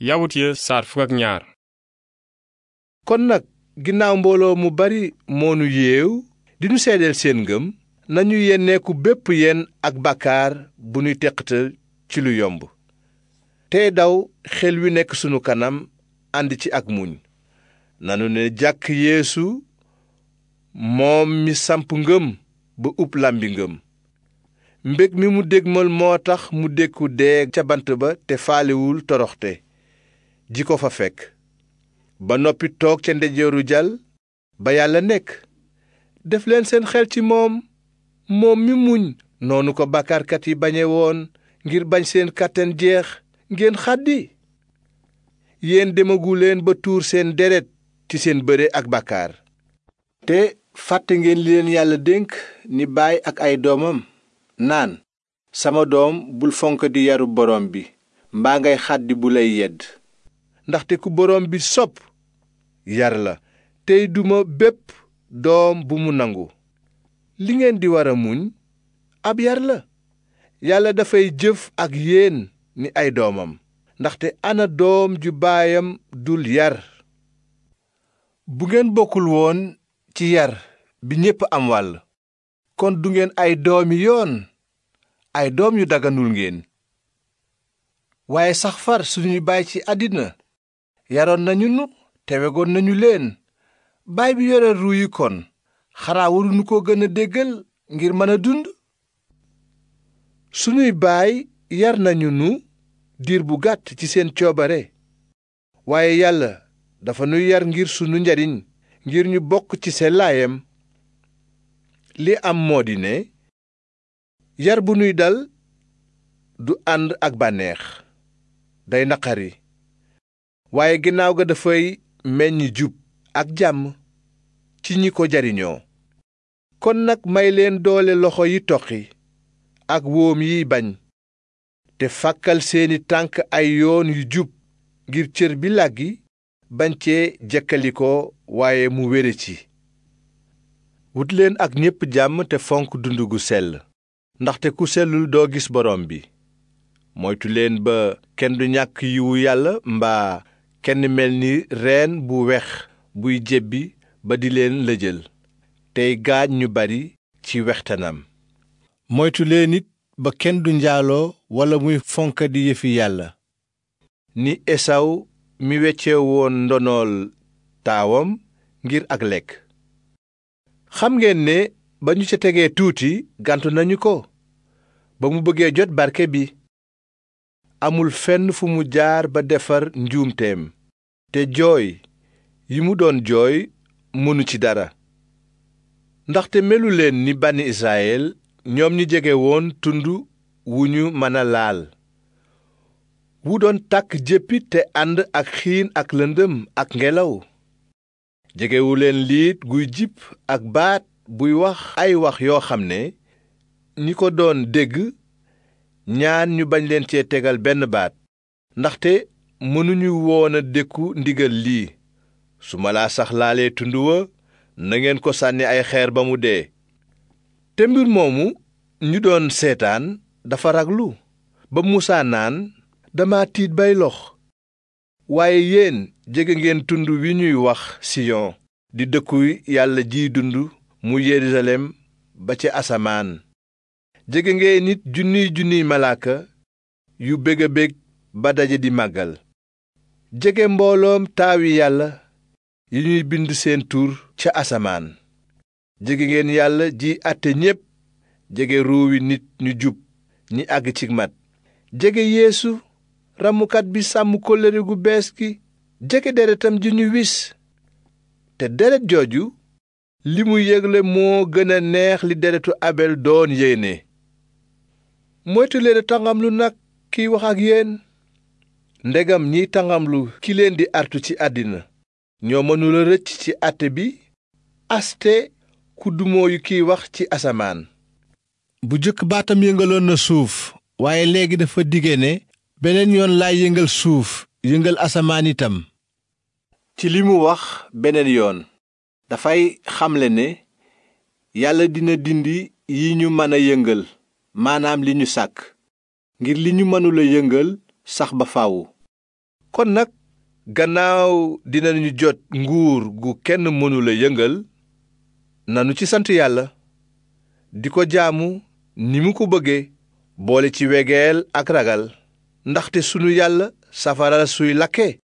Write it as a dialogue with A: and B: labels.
A: yawut ya saar fukk kon nag ginnaaw mbooloo mu bari moonu yeew di nu seedeel seen ngëm nañu yenneeku bépp yenn ak bàkkaar bu nuy teqatal ci lu yomb tey daw xel wi nekk sunu kanam ànd ci ak muñ nanu ne jàkk yéesu moom mi samp ngëm ba ub làmbi ngëm mbég mi mu dégmal moo tax mu dékku dee ca bant ba te faalewul toroxte ji ko fa fekk ba noppi toog ca ndeyjooru jal ba yàlla nekk def leen seen xel ci moom moom mi muñ noonu ko bàkkaarkat yi bañe woon ngir bañ seen kàttan jeex ngeen xàddi yéen demaguleen ba tuur seen deret ci seen bëre ak bàkkaar te fàtte ngeen li leen yàlla dénk ni baay ak ay doomam naan sama doom bul fonk di yaru borom bi mbaa ngay xàddi bu lay yedd ndaxte ku boroom bi sopp yar la tey duma bépp doom bu mu nangu li ngeen di war a muñ ab yar la yàlla dafay jëf ak yéen ni ay doomam ndaxte ànna doom ju baayam dul yar bu ngeen bokkul woon ci yar bi ñépp am wàll kon du ngeen ay doomi yoon ay doom yu daganul ngeen waaye sax far suñuy baay ci àddina yaroon nañu nu tewegoon nañu leen baay bi yore ruu yi kon xanaa ko gën a déggal ngir mën a dund sunuy baay yar nañu nu diir bu gàtt ci seen coobare waaye yàlla dafa nuy yar ngir sunu njariñ ngir ñu bokk ci sellaayam li am moo di ne yar bu nuy dal du ànd ak bànneex day naqari waaye ginnaaw ga dafay meññ jub ak jàmm ci ñi ko jariñoo kon nag may leen doole loxo yi toqi ak woom yiy bañ te fàkkal seeni tànk ay yoon yu jub ngir cër bi làggi bañ cee jëkkalikoo waaye mu wére ci wut leen ak ñépp jàmm te fonk dund gu sell ndaxte ku sellul doo gis boroom bi moytu leen ba kenn du ñàkk yiwu yàlla mbaa kenn mel ni reen bu wex buy jébbi ba di leen la jël tey gaañ ñu bari ci wextanam moytu leen it ba kenn du njaaloo walla muy fonk di yëfi yàlla ni esaw mi wecce woon ndonool taawam ngir ak lekk xam ngeen ne ba ñu ca tegee tuuti gàntu nañu ko ba mu bëggee jot barke bi amul fenn fu mu jaar ba defar njuumteem te jooy yi mu doon jooy mënu ci dara ndaxte melu leen ni bani israyel ñoom ñi jege woon tund wu ñu mën a laal wu doon tàkk jéppi te ànd ak xiin ak lëndëm ak ngelaw jegewuleen leen liit guy jip ak baat buy wax ay wax yoo xam ne ñi ko doon dégg ñaan ñu bañ leen cee tegal benn baat ndaxte mënuñu woon a dékku ndigal lii su ma laa sax laalee tund wa na ngeen ko sànni ay xeer ba mu dee te mbir moomu ñu doon seetaan dafa raglu ba muusaa naan dama tiit bay lox waaye yéen jege ngeen tund wi ñuy wax siyon di dëkku yàlla jiy dund mu yerusalem ba ci asamaan jege ngeen nit junniy junniy malaaka yu bég bég ba daje di màggal jege mbooloom taawi yàlla yi ñuy bind seen tur ca asamaan jege ngeen yàlla ji àtte ñépp jege ruuwi nit ñu jub ñi àgg ci mat jege yeesu ramukat bi sàmm kóllëre gu bees gi jege deretam ji ñu wis te deret jooju li mu yégle moo gën a neex li deretu abel doon yéene moytu leen ndegam ñiy tangamlu ki leen di artu ci àddina ñoo mënula rëcc ci àtte bi aste ku dumooyu kiy wax ci asamaan bu jëkk baatam yëngaloon na suuf waaye léegi dafa dige ne beneen yoon laay yëngal suuf yëngal asamaan itam ci li mu wax beneen yoon dafay xamle ne yàlla dina dindi yi ñu mën a yëngal maanaam li ñu sàkk ngir li ñu mënula yëngal sax ba faaw kon nag gannaaw dinañu jot nguur gu kenn mënula yëngal nanu ci sant yàlla di ko jaamu ni mu ko bëggee boole ci wegeel ak ragal ndaxte sunu yàlla safara suy lakke